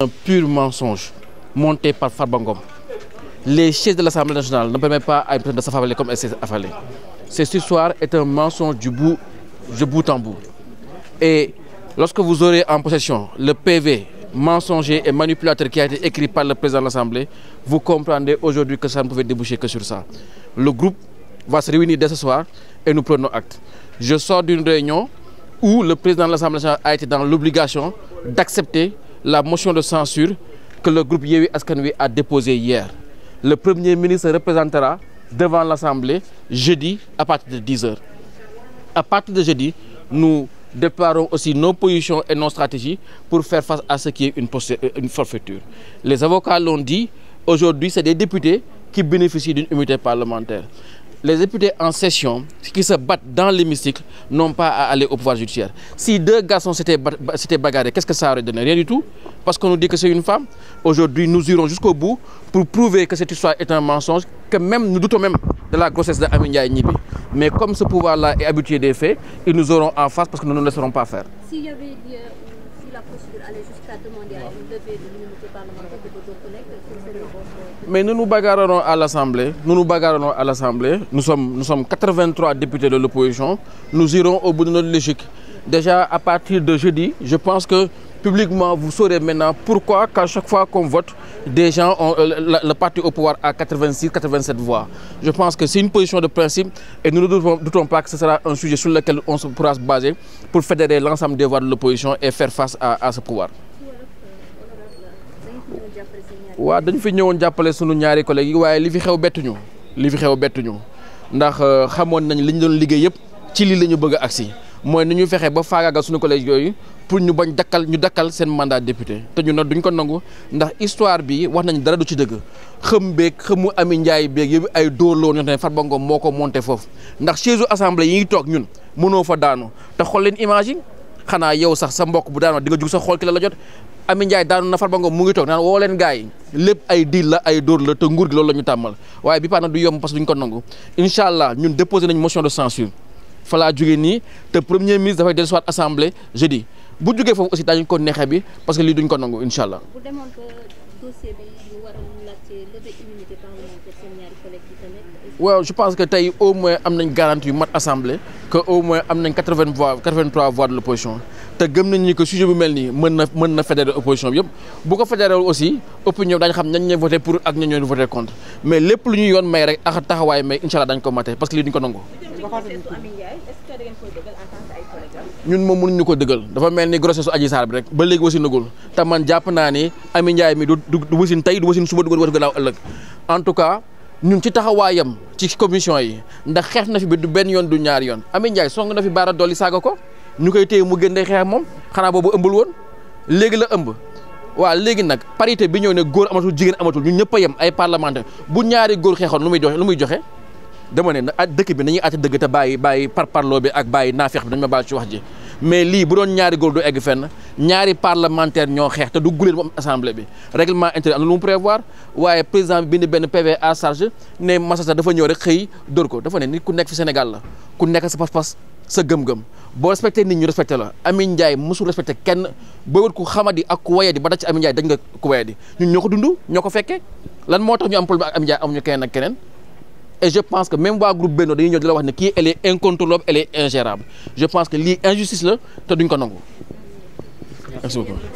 Un pur mensonge monté par Farba Les chaises de l'Assemblée nationale ne permettent pas à une personne de s'affaler comme elle s'est affalée. Cette un mensonge du bout, de bout en bout. Et lorsque vous aurez en possession le PV mensonger et manipulateur qui a été écrit par le président de l'Assemblée, vous comprendrez aujourd'hui que ça ne pouvait déboucher que sur ça. Le groupe va se réunir dès ce soir et nous prenons acte. Je sors d'une réunion le a été la motion de censure que le groupe Yewwi Askan Wi a déposée hier. Le Premier ministre représentera devant l'Assemblée jeudi à partir de 10 heures. À partir de jeudi, nous déparons aussi nos positions et nos stratégies pour faire face à ce qui est une, euh, une forfaiture. Les avocats l'ont dit, aujourd'hui, c'est des députés qui bénéficient d'une immunité parlementaire. les députés en session qui se battent dans l'hémicycle n'ont pas à aller au pouvoir judiciaire. Si deux garçons s'étaient bagarrés, qu'est-ce que ça aurait donné Rien du tout. Parce qu'on nous dit que c'est une femme. Aujourd'hui, nous irons jusqu'au bout pour prouver que cette histoire est un mensonge, que même nous doutons même de la grossesse d'Aminia et Nibi. Mais comme ce pouvoir-là est habitué des faits, ils nous auront en face parce que nous ne mais nous nous bagarrerons à l'Assemblée nous nous bagarrerons à l'Assemblée nous sommes nous sommes 83 députés de l'opposition nous irons au bout de notre logique déjà à partir de jeudi je pense que publiquement, vous saurez maintenant pourquoi, qu'à chaque fois qu'on vote, des gens ont euh, le, le, parti au pouvoir à 86, 87 voix. Je pense que c'est une position de principe et nous ne doutons, doutons, pas que ce sera un sujet sur lequel on se pourra se baser pour fédérer l'ensemble des voix de l'opposition et faire face à, à ce pouvoir. waaw dañ fi ñëwoon jàppale sunu ñaari collègues yi waaye li fi xew ñu li fi xew bettu bettuñu ndax euh, xamoon nañ li ñu doon liggéey yëpp ci lii la ñu bëgg a agsi mooy ni ñu fexe ba faagaagal suñu collège yooyu pour ñu bañ dakkal ñu dakkal seen mandat député te ñu nag duñ ko nangu ndax histoire bi wax nañ dara du ci dëgg xëm beeg xëmu ami njaay beeg yëpp ay dóorloo ñoo xam ne Farba moo ko monté foofu ndax chaise assemblée yi ngi toog ñun mënoo fa daanu te xool leen image yi xanaa yow sax sa mbokk bu daanoo di nga jug sa xool ki la la jot Ami Ndiaye daanu na Farba Ngom mu ngi toog naan woo leen gars yi lépp ay diil la ay dóor la te nguur gi loolu la ñu tàmmal waaye bi paana du yomb parce ko nangu incha allah ñun déposé nañ motion de censure fa laa jóge nii te premier ministre dafay dellusiwaat assemblée jeudi bu jógee foofu aussi daañu ko neexee bi parce que lii ko nangu incha a laajte levée immunité tey au moins am nañ garantie yu mat assemblée que au moins am nañ quatre vingt voix quatre de l' te gëm nañ ni que bu mel nii mën na mën na fédérer opposition bi yëpp bu ko fédéré aussi opinion daañu xam ñan ñooy voté pour ak ñan ñooy voté contre mais lépp lu ñuy yoon may rek ak taxawaay may incha allah dañ ko mate parce que lii duñ ko nangu. ñun moom ñu ko dëggal dafa mel ni grossesse su aji Sarr bi rek ba léegi wasinagul te man jàpp naa ni Amy Ndiaye mi du du wasin tey du wasin suba du wasin gannaaw ëllëg en tout cas ñun ci taxawaayam ci commission yi ndax xeex na fi bi du benn yoon du ñaari yoon Amy Ndiaye song na fi baara dolli saaga ko ñu koy téye mu gën day xeex moom xanaa boobu ëmbul woon léegi la ëmb waaw léegi nag parité bi ñëw ne góor amatul jigéen amatul ñun ñëpp a yem ay parlementaire bu ñaari góor xeexoon lu muy joxe lu muy joxe dama ne ah dëkk bi nañuy àtte dëgg te bàyyi bàyyi parparloo bi ak bàyyi naafeex bi dañu ma baal ci wax ji mais lii bu doon ñaari góor du egg fenn ñaari parlementaire ñoo xeex te du guleen bu am assemblée bi règlement intérieur am na lu mu prévoir waaye président bi bind benn PV à charge ne Massata dafa ñëw rek xëy dóor ko dafa ne nit ku nekk fi Sénégal la ku nekk sa pas-pas sa gëm-gëm boo respecté nit ñu respecté la Amine Ndiaye mosul respecté kenn booy wut ku xamadi ak ku wayadi ba daj ci Amine Ndiaye dañ nga ku wayadi ñun ñoo ko dund ñoo ko fekkee lan moo tax ñu am problème ak Amine Ndiaye amuñu keneen keneen et je pense que même waa groupe Benno dañuy ñëw di la wax ne kii elle est incontrôlable elle est ingérable je pense que lii injustice la te duñ ko nangu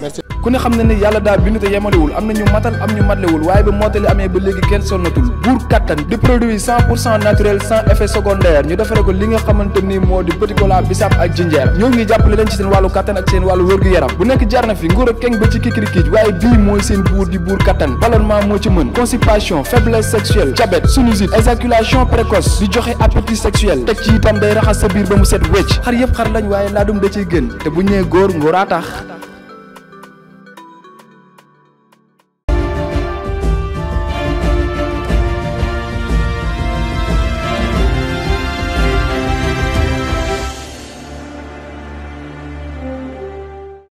merci ku ne xam ne ne yàlla daal bindu te yemalewul am na ñu matal am ñu matlewul waaye ba mottali amee ba léegi kenn sonnatul buur kattan di produit cent pour cent naturel sans effet secondaire ñu defare ko li nga xamante ni moo di petit cola bisaab ak jinjeer ñoo ngi jàppale leen ci seen wàllu kattan ak seen wàllu wér-gu-yaram bu nekk jar na fi nguur ak keng ba ci kikirikiij waaye bii mooy seen buur di buur kattan ballonnement moo ci mën constipation précoce di joxe appétit sexuel teg ci itam day raxas sa biir ba mu set wecc xar yëpp xar lañ waaye laa dum da